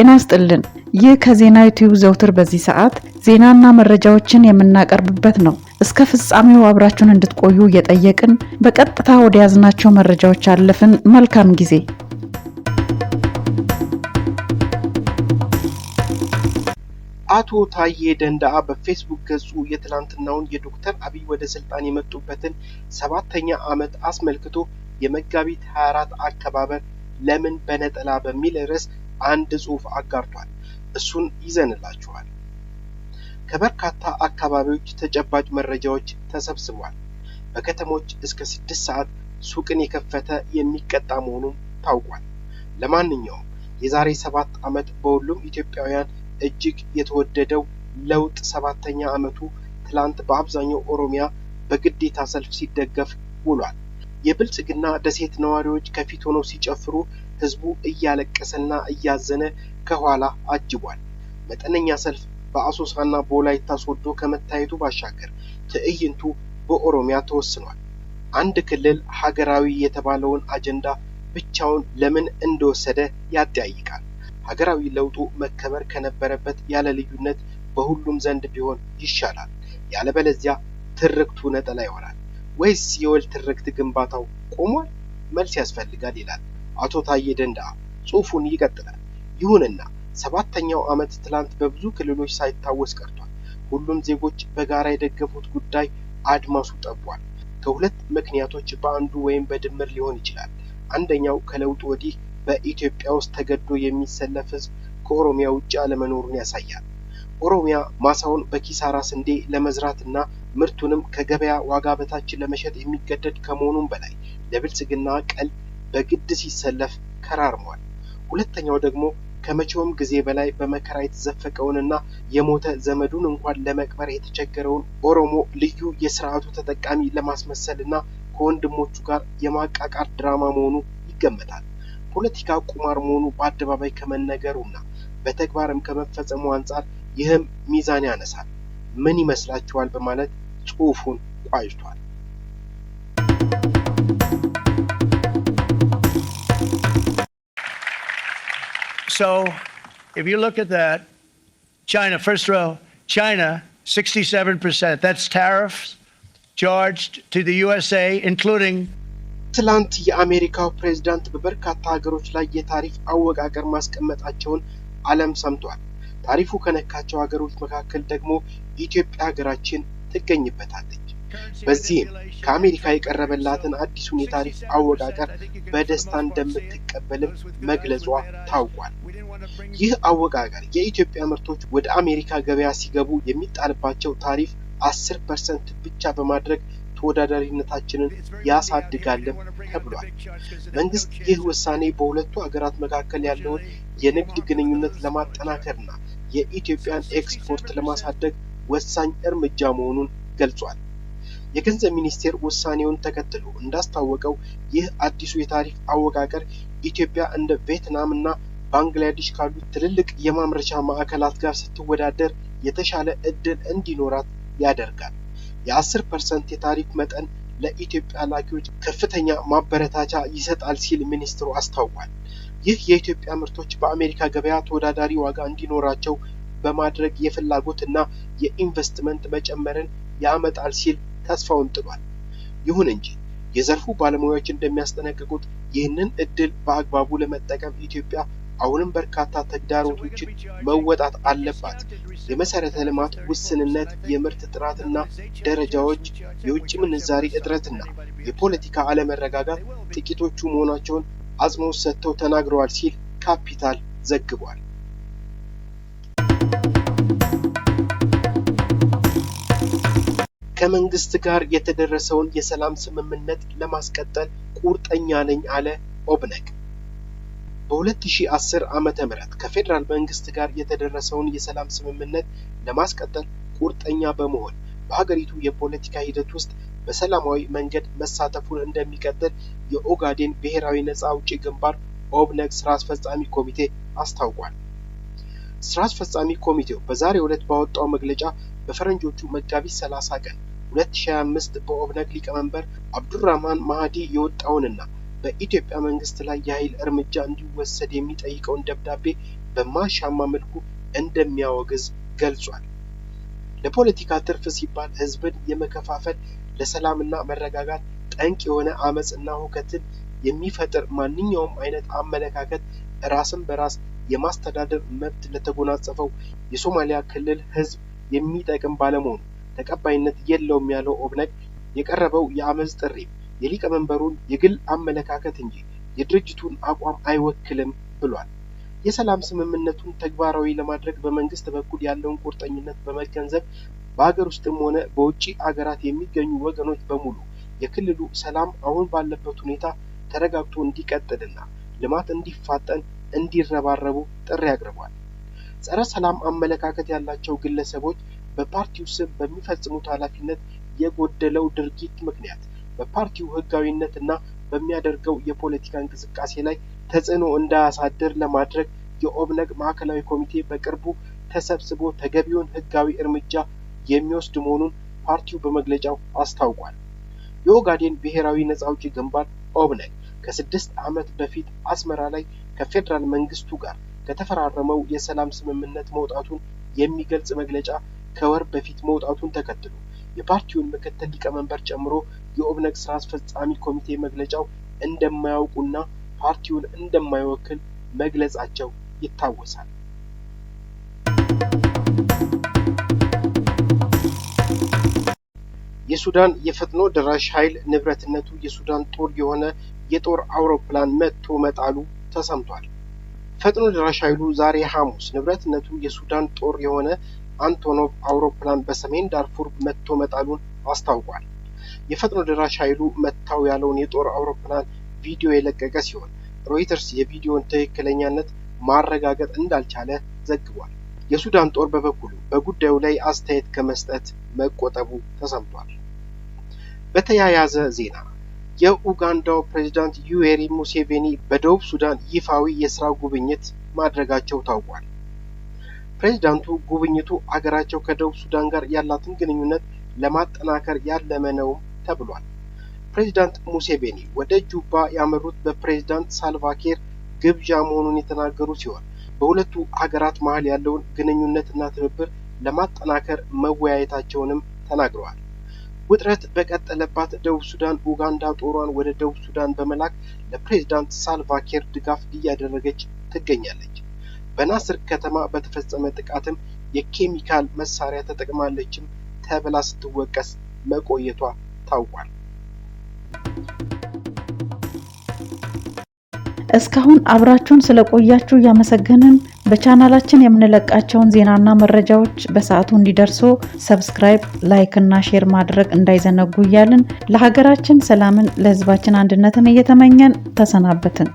ጤና ይስጥልን። ይህ ከዜና ዩቲዩብ ዘውትር በዚህ ሰዓት ዜናና መረጃዎችን የምናቀርብበት ነው። እስከ ፍጻሜው አብራችሁን እንድትቆዩ እየጠየቅን በቀጥታ ወደ ያዝናቸው መረጃዎች አለፍን። መልካም ጊዜ። አቶ ታዬ ደንዳአ በፌስቡክ ገጹ የትላንትናውን የዶክተር አብይ ወደ ስልጣን የመጡበትን ሰባተኛ ዓመት አስመልክቶ የመጋቢት 24 አከባበር ለምን በነጠላ በሚል ርዕስ አንድ ጽሑፍ አጋርቷል። እሱን ይዘንላችኋል። ከበርካታ አካባቢዎች ተጨባጭ መረጃዎች ተሰብስቧል። በከተሞች እስከ ስድስት ሰዓት ሱቅን የከፈተ የሚቀጣ መሆኑም ታውቋል። ለማንኛውም የዛሬ ሰባት ዓመት በሁሉም ኢትዮጵያውያን እጅግ የተወደደው ለውጥ ሰባተኛ ዓመቱ ትላንት በአብዛኛው ኦሮሚያ በግዴታ ሰልፍ ሲደገፍ ውሏል። የብልጽግና ደሴት ነዋሪዎች ከፊት ሆነው ሲጨፍሩ ህዝቡ እያለቀሰና እያዘነ ከኋላ አጅቧል። መጠነኛ ሰልፍ በአሶሳና በወላይታ ሶዶ ከመታየቱ ባሻገር ትዕይንቱ በኦሮሚያ ተወስኗል። አንድ ክልል ሀገራዊ የተባለውን አጀንዳ ብቻውን ለምን እንደወሰደ ያጠያይቃል። ሀገራዊ ለውጡ መከበር ከነበረበት ያለ ልዩነት በሁሉም ዘንድ ቢሆን ይሻላል። ያለበለዚያ ትርክቱ ነጠላ ይሆናል። ወይስ የወል ትርክት ግንባታው ቆሟል? መልስ ያስፈልጋል ይላል አቶ ታዬ ደንዳ ጽሑፉን ይቀጥላል። ይሁንና ሰባተኛው ዓመት ትላንት በብዙ ክልሎች ሳይታወስ ቀርቷል። ሁሉም ዜጎች በጋራ የደገፉት ጉዳይ አድማሱ ጠቧል። ከሁለት ምክንያቶች በአንዱ ወይም በድምር ሊሆን ይችላል። አንደኛው ከለውጥ ወዲህ በኢትዮጵያ ውስጥ ተገዶ የሚሰለፍ ህዝብ ከኦሮሚያ ውጭ አለመኖሩን ያሳያል። ኦሮሚያ ማሳውን በኪሳራ ስንዴ ለመዝራትና ምርቱንም ከገበያ ዋጋ በታች ለመሸጥ የሚገደድ ከመሆኑም በላይ ለብልጽግና ቀል በግድ ሲሰለፍ ከራርሟል። ሁለተኛው ደግሞ ከመቼውም ጊዜ በላይ በመከራ የተዘፈቀውንና የሞተ ዘመዱን እንኳን ለመቅበር የተቸገረውን ኦሮሞ ልዩ የስርዓቱ ተጠቃሚ ለማስመሰልና ከወንድሞቹ ጋር የማቃቃር ድራማ መሆኑ ይገመታል። ፖለቲካ ቁማር መሆኑ በአደባባይ ከመነገሩና በተግባርም ከመፈጸሙ አንጻር ይህም ሚዛን ያነሳል። ምን ይመስላችኋል? በማለት ጽሑፉን ቋጭቷል። So if you look at that, China, first row, China, 67%. That's tariffs charged to the USA, including ትላንት የአሜሪካው ፕሬዝዳንት በበርካታ ሀገሮች ላይ የታሪፍ አወቃቀር ማስቀመጣቸውን ዓለም ሰምቷል። ታሪፉ ከነካቸው ሀገሮች መካከል ደግሞ ኢትዮጵያ ሀገራችን ትገኝበታለች። በዚህም ከአሜሪካ የቀረበላትን አዲሱን የታሪፍ አወቃቀር በደስታ እንደምትቀበልም መግለጿ ታውቋል። ይህ አወቃቀር የኢትዮጵያ ምርቶች ወደ አሜሪካ ገበያ ሲገቡ የሚጣልባቸው ታሪፍ አስር ፐርሰንት ብቻ በማድረግ ተወዳዳሪነታችንን ያሳድጋልም ተብሏል። መንግስት ይህ ውሳኔ በሁለቱ ሀገራት መካከል ያለውን የንግድ ግንኙነት ለማጠናከርና የኢትዮጵያን ኤክስፖርት ለማሳደግ ወሳኝ እርምጃ መሆኑን ገልጿል። የገንዘብ ሚኒስቴር ውሳኔውን ተከትሎ እንዳስታወቀው ይህ አዲሱ የታሪፍ አወቃቀር ኢትዮጵያ እንደ ቬትናም እና ባንግላዴሽ ካሉ ትልልቅ የማምረቻ ማዕከላት ጋር ስትወዳደር የተሻለ እድል እንዲኖራት ያደርጋል። የ የ10 ፐርሰንት የታሪፍ መጠን ለኢትዮጵያ ላኪዎች ከፍተኛ ማበረታቻ ይሰጣል ሲል ሚኒስትሩ አስታውቋል። ይህ የኢትዮጵያ ምርቶች በአሜሪካ ገበያ ተወዳዳሪ ዋጋ እንዲኖራቸው በማድረግ የፍላጎት እና የኢንቨስትመንት መጨመርን ያመጣል ሲል ተስፋውን ጥሏል። ይሁን እንጂ የዘርፉ ባለሙያዎች እንደሚያስጠነቅቁት ይህንን እድል በአግባቡ ለመጠቀም ኢትዮጵያ አሁንም በርካታ ተግዳሮቶችን መወጣት አለባት። የመሰረተ ልማት ውስንነት፣ የምርት ጥራትና ደረጃዎች፣ የውጭ ምንዛሪ እጥረትና የፖለቲካ አለመረጋጋት ጥቂቶቹ መሆናቸውን አጽንኦት ሰጥተው ተናግረዋል ሲል ካፒታል ዘግቧል። ከመንግስት ጋር የተደረሰውን የሰላም ስምምነት ለማስቀጠል ቁርጠኛ ነኝ አለ ኦብነግ። በ2010 ዓ. ም ከፌዴራል መንግስት ጋር የተደረሰውን የሰላም ስምምነት ለማስቀጠል ቁርጠኛ በመሆን በሀገሪቱ የፖለቲካ ሂደት ውስጥ በሰላማዊ መንገድ መሳተፉን እንደሚቀጥል የኦጋዴን ብሔራዊ ነፃ አውጪ ግንባር ኦብነግ ስራ አስፈጻሚ ኮሚቴ አስታውቋል። ስራ አስፈጻሚ ኮሚቴው በዛሬው ዕለት ባወጣው መግለጫ በፈረንጆቹ መጋቢት 30 ቀን 2025 በኦብነግ ሊቀመንበር አብዱራህማን ማህዲ የወጣውንና በኢትዮጵያ መንግስት ላይ የኃይል እርምጃ እንዲወሰድ የሚጠይቀውን ደብዳቤ በማሻማ መልኩ እንደሚያወግዝ ገልጿል። ለፖለቲካ ትርፍ ሲባል ህዝብን የመከፋፈል ለሰላምና መረጋጋት ጠንቅ የሆነ እና ሁከትን የሚፈጥር ማንኛውም አይነት አመለካከት ራስን በራስ የማስተዳደር መብት ለተጎናጸፈው የሶማሊያ ክልል ህዝብ የሚጠቅም ባለመሆኑ ተቀባይነት የለውም ያለው ኦብነግ የቀረበው የአመፅ ጥሪ የሊቀመንበሩን የግል አመለካከት እንጂ የድርጅቱን አቋም አይወክልም ብሏል። የሰላም ስምምነቱን ተግባራዊ ለማድረግ በመንግስት በኩል ያለውን ቁርጠኝነት በመገንዘብ በሀገር ውስጥም ሆነ በውጭ አገራት የሚገኙ ወገኖች በሙሉ የክልሉ ሰላም አሁን ባለበት ሁኔታ ተረጋግቶ እንዲቀጥልና ልማት እንዲፋጠን እንዲረባረቡ ጥሪ አቅርቧል። ጸረ ሰላም አመለካከት ያላቸው ግለሰቦች በፓርቲው ስም በሚፈጽሙት ኃላፊነት የጎደለው ድርጊት ምክንያት በፓርቲው ህጋዊነት እና በሚያደርገው የፖለቲካ እንቅስቃሴ ላይ ተጽዕኖ እንዳያሳድር ለማድረግ የኦብነግ ማዕከላዊ ኮሚቴ በቅርቡ ተሰብስቦ ተገቢውን ህጋዊ እርምጃ የሚወስድ መሆኑን ፓርቲው በመግለጫው አስታውቋል። የኦጋዴን ብሔራዊ ነጻ አውጪ ግንባር ኦብነግ ከስድስት ዓመት በፊት አስመራ ላይ ከፌዴራል መንግስቱ ጋር ከተፈራረመው የሰላም ስምምነት መውጣቱን የሚገልጽ መግለጫ ከወር በፊት መውጣቱን ተከትሎ የፓርቲውን ምክትል ሊቀመንበር ጨምሮ የኦብነግ ስራ አስፈጻሚ ኮሚቴ መግለጫው እንደማያውቁና ፓርቲውን እንደማይወክል መግለጻቸው ይታወሳል። የሱዳን የፈጥኖ ደራሽ ኃይል ንብረትነቱ የሱዳን ጦር የሆነ የጦር አውሮፕላን መጥቶ መጣሉ ተሰምቷል። ፈጥኖ ደራሽ ኃይሉ ዛሬ ሐሙስ ንብረትነቱ የሱዳን ጦር የሆነ አንቶኖቭ አውሮፕላን በሰሜን ዳርፉር መጥቶ መጣሉን አስታውቋል። የፈጥኖ ደራሽ ኃይሉ መታው ያለውን የጦር አውሮፕላን ቪዲዮ የለቀቀ ሲሆን ሮይተርስ የቪዲዮውን ትክክለኛነት ማረጋገጥ እንዳልቻለ ዘግቧል። የሱዳን ጦር በበኩሉ በጉዳዩ ላይ አስተያየት ከመስጠት መቆጠቡ ተሰምቷል። በተያያዘ ዜና የኡጋንዳው ፕሬዝዳንት ዩዌሪ ሙሴቬኒ በደቡብ ሱዳን ይፋዊ የስራ ጉብኝት ማድረጋቸው ታውቋል። ፕሬዚዳንቱ ጉብኝቱ አገራቸው ከደቡብ ሱዳን ጋር ያላትን ግንኙነት ለማጠናከር ያለመ ነውም ተብሏል። ፕሬዚዳንት ሙሴቬኒ ወደ ጁባ ያመሩት በፕሬዚዳንት ሳልቫኪር ግብዣ መሆኑን የተናገሩ ሲሆን በሁለቱ ሀገራት መሀል ያለውን ግንኙነትና ትብብር ለማጠናከር መወያየታቸውንም ተናግረዋል። ውጥረት በቀጠለባት ደቡብ ሱዳን ኡጋንዳ ጦሯን ወደ ደቡብ ሱዳን በመላክ ለፕሬዚዳንት ሳልቫኪር ድጋፍ እያደረገች ትገኛለች። በናስር ከተማ በተፈጸመ ጥቃትም የኬሚካል መሳሪያ ተጠቅማለችም ተብላ ስትወቀስ መቆየቷ ታውቋል። እስካሁን አብራችሁን ስለቆያችሁ እያመሰገንን በቻናላችን የምንለቃቸውን ዜናና መረጃዎች በሰዓቱ እንዲደርሱ ሰብስክራይብ፣ ላይክ እና ሼር ማድረግ እንዳይዘነጉ እያልን ለሀገራችን ሰላምን ለሕዝባችን አንድነትን እየተመኘን ተሰናበትን።